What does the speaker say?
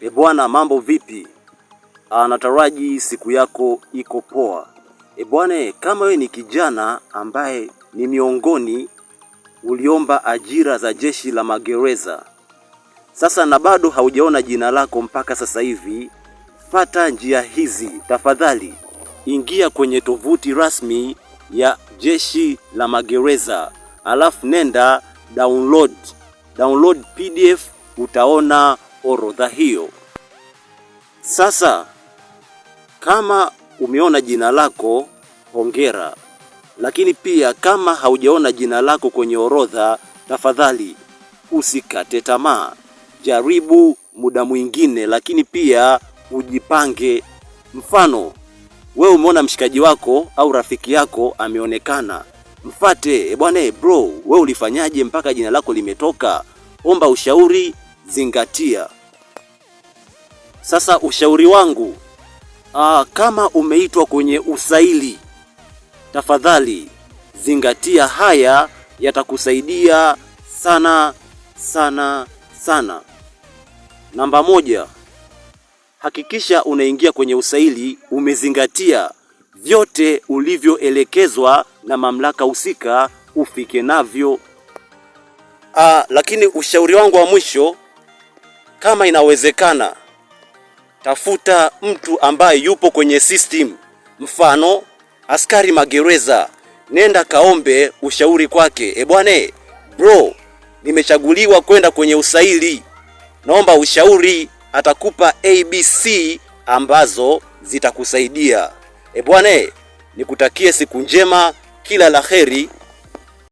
E bwana, mambo vipi? Ah, nataraji siku yako iko poa. E bwana, kama wewe ni kijana ambaye ni miongoni uliomba ajira za jeshi la magereza sasa na bado haujaona jina lako mpaka sasa hivi, fata njia hizi tafadhali. Ingia kwenye tovuti rasmi ya jeshi la magereza, alafu nenda download download PDF, utaona orodha hiyo. Sasa kama umeona jina lako, hongera, lakini pia kama haujaona jina lako kwenye orodha, tafadhali usikate tamaa, jaribu muda mwingine, lakini pia ujipange. Mfano, wewe umeona mshikaji wako au rafiki yako ameonekana, mfate bwana, bro, wewe ulifanyaje mpaka jina lako limetoka? Omba ushauri zingatia. Sasa ushauri wangu aa, kama umeitwa kwenye usaili, tafadhali zingatia haya, yatakusaidia sana sana sana. Namba moja, hakikisha unaingia kwenye usaili umezingatia vyote ulivyoelekezwa na mamlaka husika, ufike navyo. Aa, lakini ushauri wangu wa mwisho kama inawezekana, tafuta mtu ambaye yupo kwenye system, mfano askari magereza, nenda kaombe ushauri kwake. E bwana, bro, nimechaguliwa kwenda kwenye usaili, naomba ushauri. Atakupa abc ambazo zitakusaidia. E bwana, nikutakie siku njema, kila la heri.